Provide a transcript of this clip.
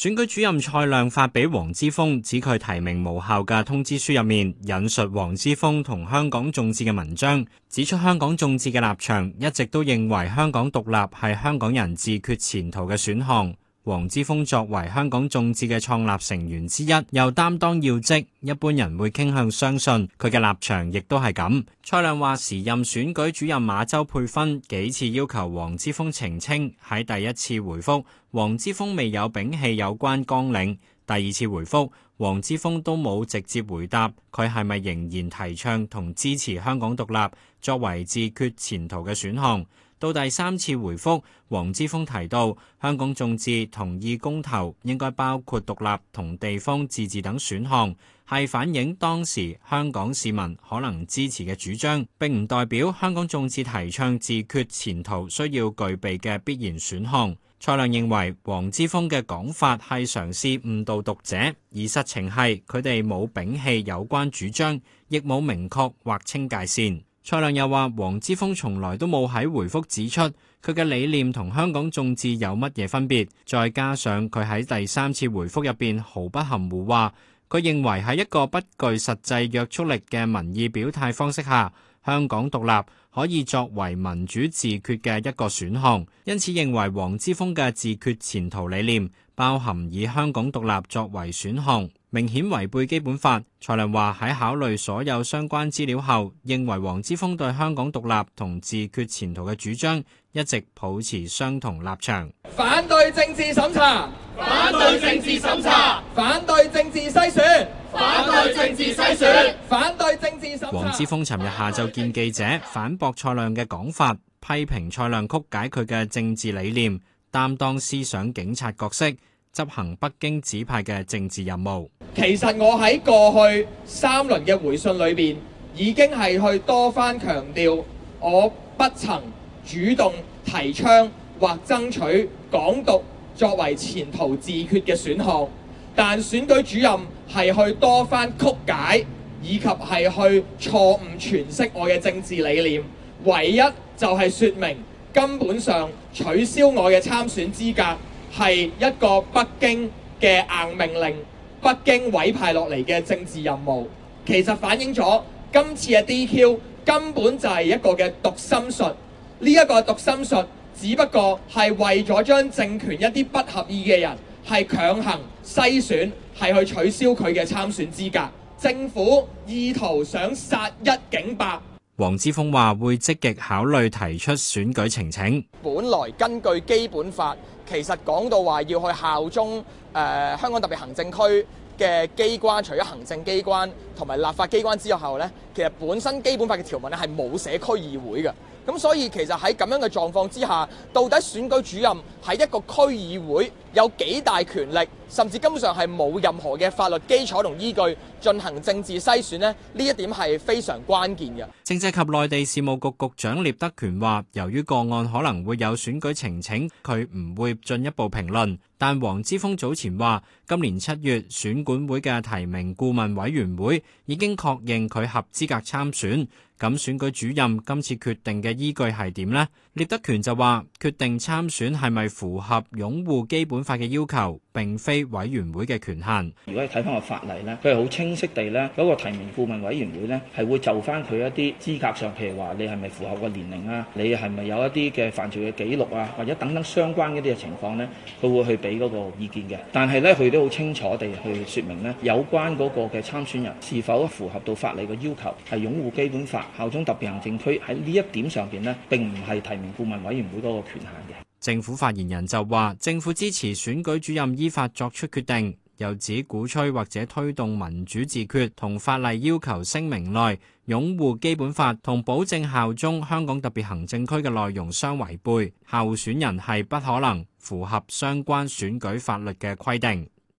選舉主任蔡亮發俾黃之鋒指佢提名無效嘅通知書入面，引述黃之鋒同香港眾志嘅文章，指出香港眾志嘅立場一直都認為香港獨立係香港人自決前途嘅選項。黃之鋒作為香港眾志嘅創立成員之一，又擔當要職，一般人會傾向相信佢嘅立場亦都係咁。蔡亮話時任選舉主任馬周佩芬幾次要求黃之鋒澄清，清，喺第一次回覆，黃之鋒未有摒棄有關綱領，第二次回覆，黃之鋒都冇直接回答佢係咪仍然提倡同支持香港獨立作為自決前途嘅選項。到第三次回覆，黃之鋒提到香港眾志同意公投應該包括獨立同地方自治等選項，係反映當時香港市民可能支持嘅主張，並唔代表香港眾志提倡自決前途需要具備嘅必然選項。蔡亮認為黃之鋒嘅講法係嘗試誤導讀者，而實情係佢哋冇摒棄有關主張，亦冇明確劃清界線。蔡亮又話：黃之鋒從來都冇喺回覆指出佢嘅理念同香港眾志有乜嘢分別。再加上佢喺第三次回覆入邊毫不含糊，話佢認為喺一個不具實際約束力嘅民意表態方式下，香港獨立可以作為民主自決嘅一個選項。因此認為黃之鋒嘅自決前途理念包含以香港獨立作為選項。明顯違背基本法，蔡亮話喺考慮所有相關資料後，認為黃之鋒對香港獨立同自決前途嘅主張一直抱持相同立場。反對政治審查，反對政治審查，反對政治篩選，反對政治篩選，反對政治審查。黃之鋒尋日下晝見記者反駁蔡亮嘅講法，批評蔡亮曲解佢嘅政治理念，擔當思想警察角色，執行北京指派嘅政治任務。其實我喺過去三輪嘅回信裏面，已經係去多番強調，我不曾主動提倡或爭取港獨作為前途自決嘅選項。但選舉主任係去多番曲解，以及係去錯誤詮釋我嘅政治理念。唯一就係說明根本上取消我嘅參選資格。係一個北京嘅硬命令，北京委派落嚟嘅政治任務，其實反映咗今次嘅 DQ 根本就係一個嘅讀心術。呢、這、一個讀心術，只不過係為咗將政權一啲不合意嘅人係強行篩選，係去取消佢嘅參選資格。政府意圖想殺一儆百。黃之鋒話：會積極考慮提出選舉呈請。本來根據基本法。其實講到話要去效忠誒、呃、香港特別行政區嘅機關，除咗行政機關同埋立法機關之後咧。其實本身基本法嘅條文咧係冇寫區議會嘅，咁所以其實喺咁樣嘅狀況之下，到底選舉主任喺一個區議會有幾大權力，甚至根本上係冇任何嘅法律基礎同依據進行政治篩選呢？呢一點係非常關鍵嘅。政制及內地事務局局長聶德權話，由於個案可能會有選舉呈請，佢唔會進一步評論。但黃之鋒早前話，今年七月選管會嘅提名顧問委員會已經確認佢合資。格參選。咁選舉主任今次決定嘅依據係點呢？聶德權就話：決定參選係咪符合擁護基本法嘅要求，並非委員會嘅權限。如果你睇翻個法例呢，佢係好清晰地呢，嗰個提名顧問委員會呢，係會就翻佢一啲資格上，譬如話你係咪符合個年齡啊，你係咪有一啲嘅犯罪嘅記錄啊，或者等等相關一啲嘅情況呢，佢會去俾嗰個意見嘅。但係呢，佢都好清楚地去説明呢，有關嗰個嘅參選人是否符合到法例嘅要求，係擁護基本法，效忠特別行政區，喺呢一點上邊呢，並唔係提名顧問委員會嗰個權限嘅。政府發言人就話：政府支持選舉主任依法作出決定，又指鼓吹或者推動民主自決同法例要求聲明內擁護基本法同保證效忠香港特別行政區嘅內容相違背，候選人係不可能符合相關選舉法律嘅規定。